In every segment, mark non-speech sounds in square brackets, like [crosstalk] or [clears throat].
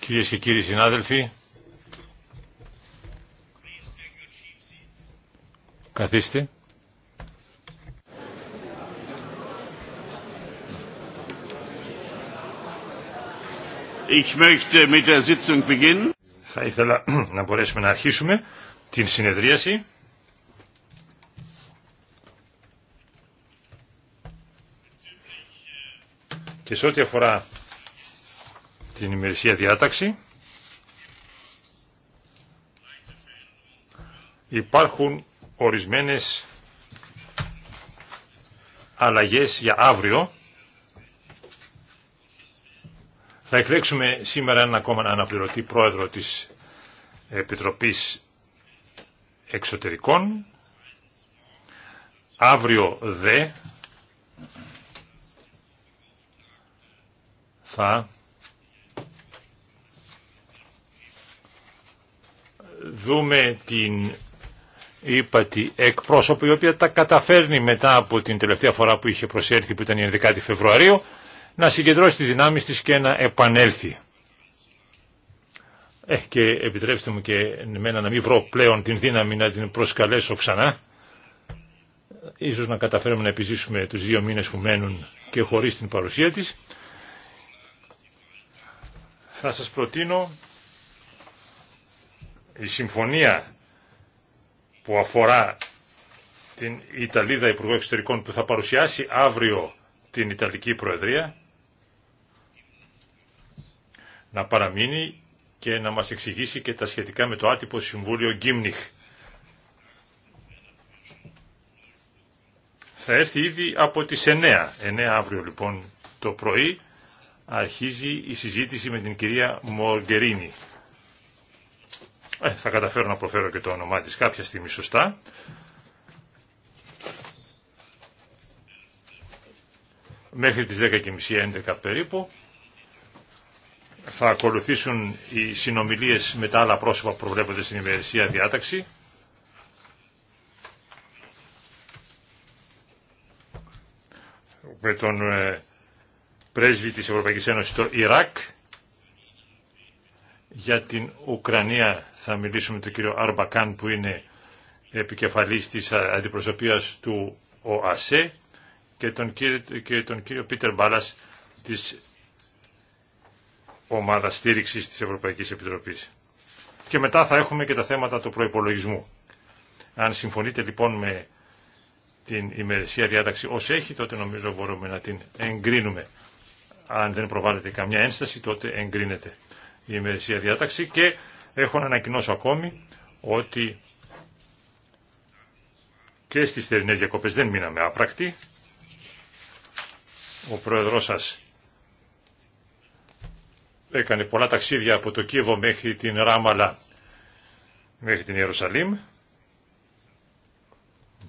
Κυρίες και κύριοι συνάδελφοι, καθίστε. Ich möchte mit der Sitzung beginnen. Θα ήθελα [clears throat] να μπορέσουμε να αρχίσουμε την συνεδρίαση. Και σε ό,τι αφορά την ημερησία διάταξη, υπάρχουν ορισμένες αλλαγές για αύριο. Θα εκλέξουμε σήμερα έναν ακόμα αναπληρωτή πρόεδρο της Επιτροπής Εξωτερικών. Αύριο δε θα δούμε την ύπατη εκπρόσωπο η οποία τα καταφέρνει μετά από την τελευταία φορά που είχε προσέλθει που ήταν η 11η Φεβρουαρίου να συγκεντρώσει τις δυνάμεις της και να επανέλθει. Ε, και επιτρέψτε μου και εμένα να μην βρω πλέον την δύναμη να την προσκαλέσω ξανά. Ίσως να καταφέρουμε να επιζήσουμε τους δύο μήνες που μένουν και χωρίς την παρουσία της θα σας προτείνω η συμφωνία που αφορά την Ιταλίδα Υπουργό Εξωτερικών που θα παρουσιάσει αύριο την Ιταλική Προεδρία να παραμείνει και να μας εξηγήσει και τα σχετικά με το άτυπο Συμβούλιο Γκίμνιχ. Θα έρθει ήδη από τις 9. 9 αύριο λοιπόν το πρωί αρχίζει η συζήτηση με την κυρία Μοργκερίνη. Ε, θα καταφέρω να προφέρω και το όνομά της κάποια στιγμή σωστά. Μέχρι τις 10.30-11 περίπου θα ακολουθήσουν οι συνομιλίες με τα άλλα πρόσωπα που προβλέπονται στην ημερησία διάταξη. Με τον ε, πρέσβη της Ευρωπαϊκής Ένωσης στο Ιράκ. Για την Ουκρανία θα μιλήσουμε με τον κύριο Αρμπακάν που είναι επικεφαλής της αντιπροσωπείας του ΟΑΣΕ και τον κύριο, και τον κύριο Πίτερ Μπάλας της ομάδας στήριξης της Ευρωπαϊκής Επιτροπής. Και μετά θα έχουμε και τα θέματα του προϋπολογισμού. Αν συμφωνείτε λοιπόν με την ημερησία διάταξη ως έχει, τότε νομίζω μπορούμε να την εγκρίνουμε. Αν δεν προβάλλεται καμιά ένσταση τότε εγκρίνεται η ημερησία διάταξη και έχω να ανακοινώσω ακόμη ότι και στις θερινές διακοπές δεν μείναμε άπρακτοι. Ο πρόεδρός σας έκανε πολλά ταξίδια από το Κίεβο μέχρι την Ράμαλα, μέχρι την Ιερουσαλήμ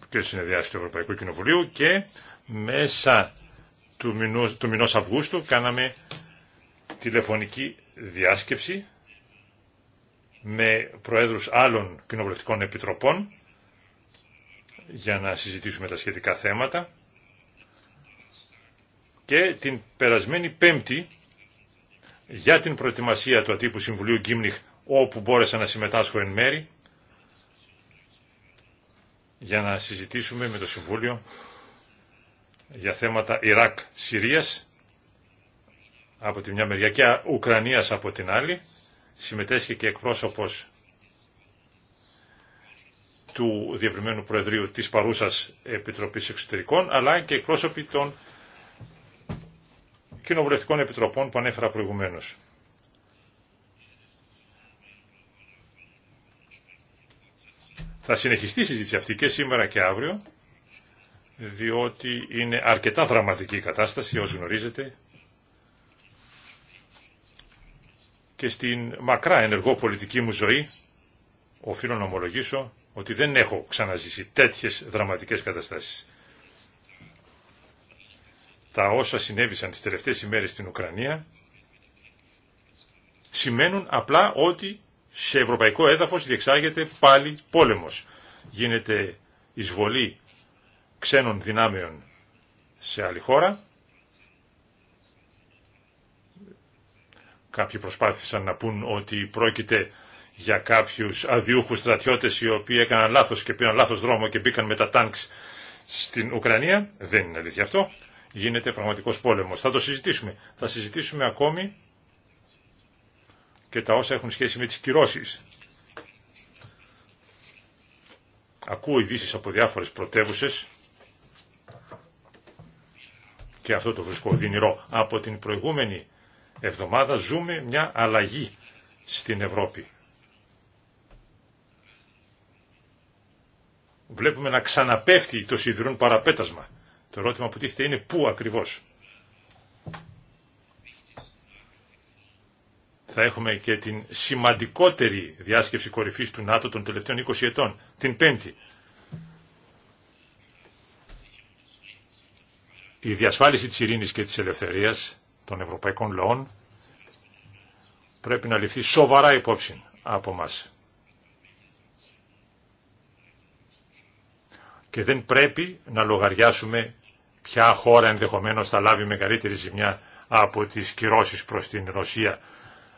και συνεδριάσει του Ευρωπαϊκού Κοινοβουλίου και μέσα του μηνός, του μηνός Αυγούστου κάναμε τηλεφωνική διάσκεψη με προέδρους άλλων κοινοβουλευτικών επιτροπών για να συζητήσουμε τα σχετικά θέματα και την περασμένη πέμπτη για την προετοιμασία του ατύπου Συμβουλίου Γκίμνιχ όπου μπόρεσα να συμμετάσχω εν μέρη για να συζητήσουμε με το Συμβούλιο για θέματα Ιράκ-Συρίας από τη μια μεριά και Ουκρανίας από την άλλη. συμμετέσχει και εκπρόσωπος του Διευρυμένου Προεδρείου της παρούσας Επιτροπής Εξωτερικών, αλλά και εκπρόσωποι των κοινοβουλευτικών επιτροπών που ανέφερα προηγουμένως. Θα συνεχιστεί η συζήτηση αυτή και σήμερα και αύριο διότι είναι αρκετά δραματική η κατάσταση, όσοι γνωρίζετε, και στην μακρά ενεργό πολιτική μου ζωή, οφείλω να ομολογήσω ότι δεν έχω ξαναζήσει τέτοιες δραματικές καταστάσεις. Τα όσα συνέβησαν τις τελευταίες ημέρες στην Ουκρανία σημαίνουν απλά ότι σε ευρωπαϊκό έδαφος διεξάγεται πάλι πόλεμος. Γίνεται εισβολή ξένων δυνάμεων σε άλλη χώρα. Κάποιοι προσπάθησαν να πούν ότι πρόκειται για κάποιους αδιούχους στρατιώτες οι οποίοι έκαναν λάθος και πήραν λάθος δρόμο και μπήκαν με τα τάγκς στην Ουκρανία. Δεν είναι αλήθεια αυτό. Γίνεται πραγματικός πόλεμος. Θα το συζητήσουμε. Θα συζητήσουμε ακόμη και τα όσα έχουν σχέση με τις κυρώσεις. Ακούω ειδήσει από διάφορες πρωτεύουσες και αυτό το βρισκό δυνηρό. Από την προηγούμενη εβδομάδα ζούμε μια αλλαγή στην Ευρώπη. Βλέπουμε να ξαναπέφτει το σιδηρούν παραπέτασμα. Το ερώτημα που τίθεται είναι πού ακριβώς. θα έχουμε και την σημαντικότερη διάσκεψη κορυφής του ΝΑΤΟ των τελευταίων 20 ετών, την Πέμπτη. η διασφάλιση της ειρήνης και της ελευθερίας των ευρωπαϊκών λαών πρέπει να ληφθεί σοβαρά υπόψη από μας. Και δεν πρέπει να λογαριάσουμε ποια χώρα ενδεχομένως θα λάβει μεγαλύτερη ζημιά από τις κυρώσεις προς την Ρωσία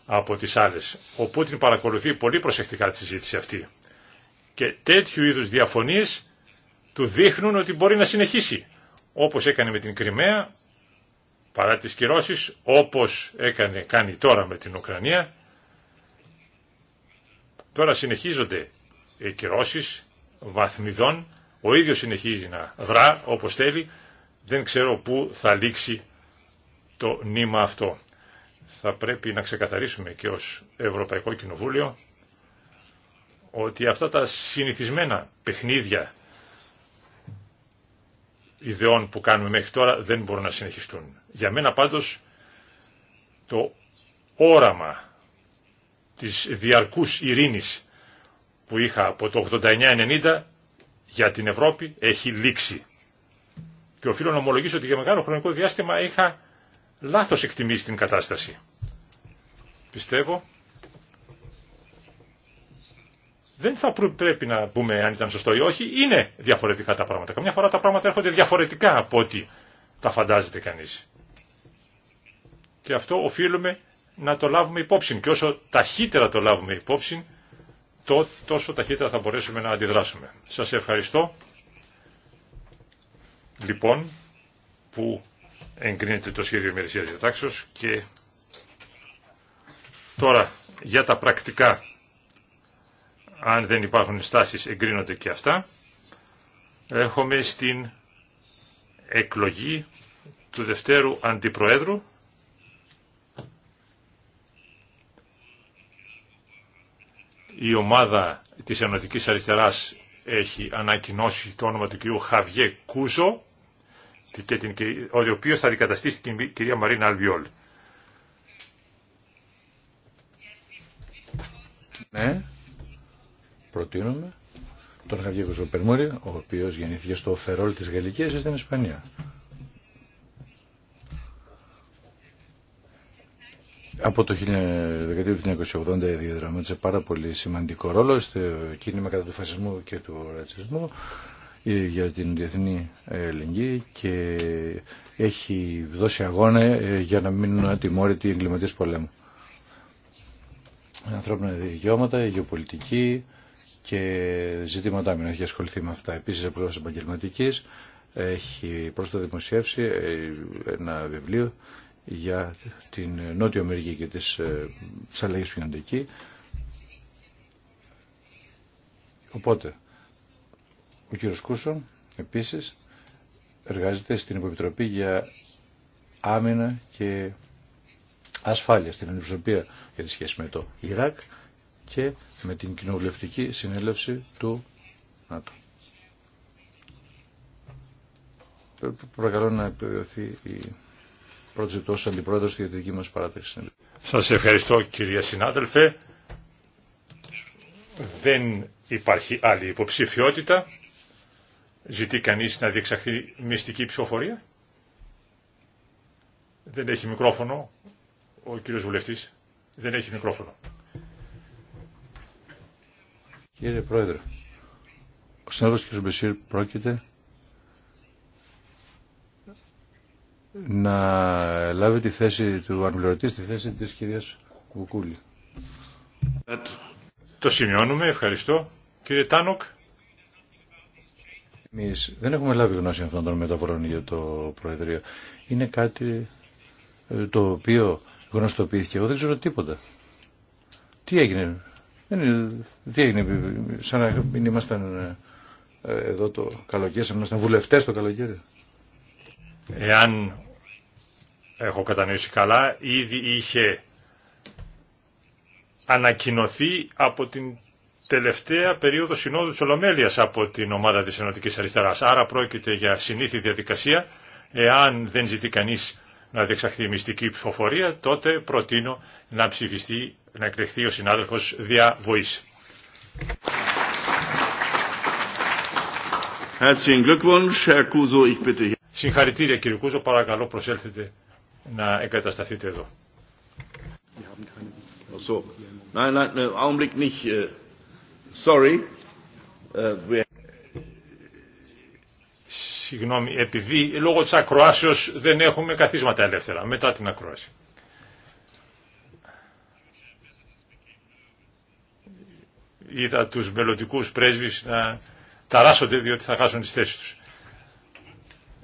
από τις άλλες. Ο Πούτιν παρακολουθεί πολύ προσεκτικά τη συζήτηση αυτή. Και τέτοιου είδους διαφωνίες του δείχνουν ότι μπορεί να συνεχίσει όπως έκανε με την Κρυμαία, παρά τις κυρώσεις, όπως έκανε, κάνει τώρα με την Ουκρανία. Τώρα συνεχίζονται οι κυρώσεις βαθμιδών, ο ίδιος συνεχίζει να γρά, όπως θέλει, δεν ξέρω πού θα λήξει το νήμα αυτό. Θα πρέπει να ξεκαθαρίσουμε και ως Ευρωπαϊκό Κοινοβούλιο ότι αυτά τα συνηθισμένα παιχνίδια ιδεών που κάνουμε μέχρι τώρα δεν μπορούν να συνεχιστούν. Για μένα πάντως το όραμα της διαρκούς ειρήνης που είχα από το 89-90 για την Ευρώπη έχει λήξει. Και οφείλω να ομολογήσω ότι για μεγάλο χρονικό διάστημα είχα λάθος εκτιμήσει την κατάσταση. Πιστεύω δεν θα πρέπει να πούμε αν ήταν σωστό ή όχι. Είναι διαφορετικά τα πράγματα. Καμιά φορά τα πράγματα έρχονται διαφορετικά από ό,τι τα φαντάζεται κανείς. Και αυτό οφείλουμε να το λάβουμε υπόψη. Και όσο ταχύτερα το λάβουμε υπόψη, το, τόσο ταχύτερα θα μπορέσουμε να αντιδράσουμε. Σας ευχαριστώ, λοιπόν, που εγκρίνεται το σχέδιο ημερησίας διατάξεως και τώρα για τα πρακτικά αν δεν υπάρχουν στάσεις εγκρίνονται και αυτά. Έχουμε στην εκλογή του Δευτέρου Αντιπροέδρου. Η ομάδα της Ενωτικής Αριστεράς έχει ανακοινώσει το όνομα του κυρίου Χαβιέ Κούζο, την, ο οποίος θα αντικαταστήσει την κυρία Μαρίνα Αλβιόλ. Ναι, προτείνουμε τον Χαβιέ Ζωπερμούρη, ο οποίο γεννήθηκε στο Φερόλ της Γαλλικής στην Ισπανία. Από το 1980 διαδραμάτισε πάρα πολύ σημαντικό ρόλο στο κίνημα κατά του φασισμού και του ρατσισμού ε, για την διεθνή ελληνική και έχει δώσει αγώνα ε, για να μείνουν ατιμόρυτοι εγκληματίες πολέμου. Ανθρώπινα δικαιώματα, γεωπολιτική, και ζητήματα άμυνα έχει ασχοληθεί με αυτά. Επίση, από επαγγελματική έχει πρόσφατα δημοσιεύσει ε, ένα βιβλίο για την νότιο Αμερική και τι ε, αλλαγέ που γίνονται εκεί. Οπότε, ο κύριο Κούσο επίσης εργάζεται στην Υποπιτροπή για άμυνα και ασφάλεια, στην αντιπροσωπεία για τη σχέση με το Ιράκ και με την κοινοβουλευτική συνέλευση του ΝΑΤΟ. Ε, Προκαλώ να επιβεβαιωθεί η πρώτη ως αντιπρόεδρος για τη δική μας παράταξη. Σας ευχαριστώ κυρία συνάδελφε. Δεν υπάρχει άλλη υποψηφιότητα. Ζητεί κανείς να διεξαχθεί μυστική ψηφοφορία. Δεν έχει μικρόφωνο ο κύριος βουλευτής. Δεν έχει μικρόφωνο. Κύριε Πρόεδρε, ο και κ. Μπεσίρ πρόκειται να λάβει τη θέση του αναπληρωτή στη θέση της κυρίας Κουκούλη. Το σημειώνουμε, ευχαριστώ. Κύριε Τάνοκ. Εμείς δεν έχουμε λάβει γνώση αυτών των μεταφορών για το Προεδρείο. Είναι κάτι ε, το οποίο γνωστοποιήθηκε. Εγώ δεν ξέρω τίποτα. Τι έγινε δεν είναι, τι έγινε, σαν να μην ήμασταν ε, εδώ το καλοκαίρι, σαν να ήμασταν βουλευτές το καλοκαίρι. Εάν έχω κατανοήσει καλά, ήδη είχε ανακοινωθεί από την τελευταία περίοδο συνόδου της Ολομέλειας από την ομάδα της Ενωτικής Αριστεράς. Άρα πρόκειται για συνήθη διαδικασία, εάν δεν ζητεί κανείς να διεξαχθεί μυστική ψηφοφορία, τότε προτείνω να ψηφιστεί, να εκλεχθεί ο συνάδελφος δια βοής. Συγχαρητήρια κύριε Κούζο, παρακαλώ προσέλθετε να εγκατασταθείτε εδώ. Äh, sorry. Äh, συγγνώμη, επειδή λόγω της ακροάσεως δεν έχουμε καθίσματα ελεύθερα μετά την ακροάση. Είδα τους μελλοντικού πρέσβεις να ταράσσονται διότι θα χάσουν τις θέσεις τους.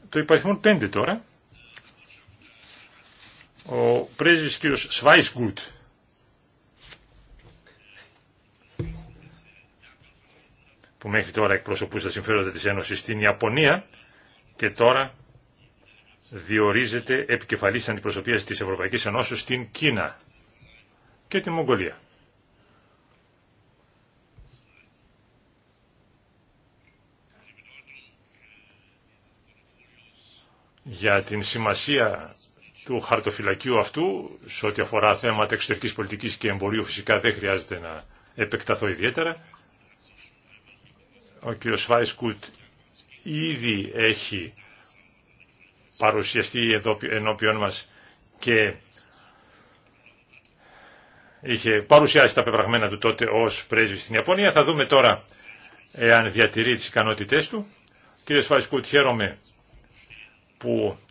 Το υπαριθμόν 5 τώρα. Ο πρέσβης κ. Σβάισγκουτ που μέχρι τώρα εκπροσωπούσε τα συμφέροντα της Ένωσης στην Ιαπωνία, και τώρα διορίζεται επικεφαλής αντιπροσωπείας της Ευρωπαϊκής Ενώσης στην Κίνα και τη Μογγολία. Για την σημασία του χαρτοφυλακίου αυτού, σε ό,τι αφορά θέματα εξωτερικής πολιτικής και εμπορίου, φυσικά δεν χρειάζεται να επεκταθώ ιδιαίτερα. Ο κ. Κούτ ήδη έχει παρουσιαστεί εδώ ενώπιον μας και είχε παρουσιάσει τα πεπραγμένα του τότε ως πρέσβη στην Ιαπωνία. Θα δούμε τώρα εάν διατηρεί τις ικανότητές του. Κύριε Σφαρισκούτ, χαίρομαι που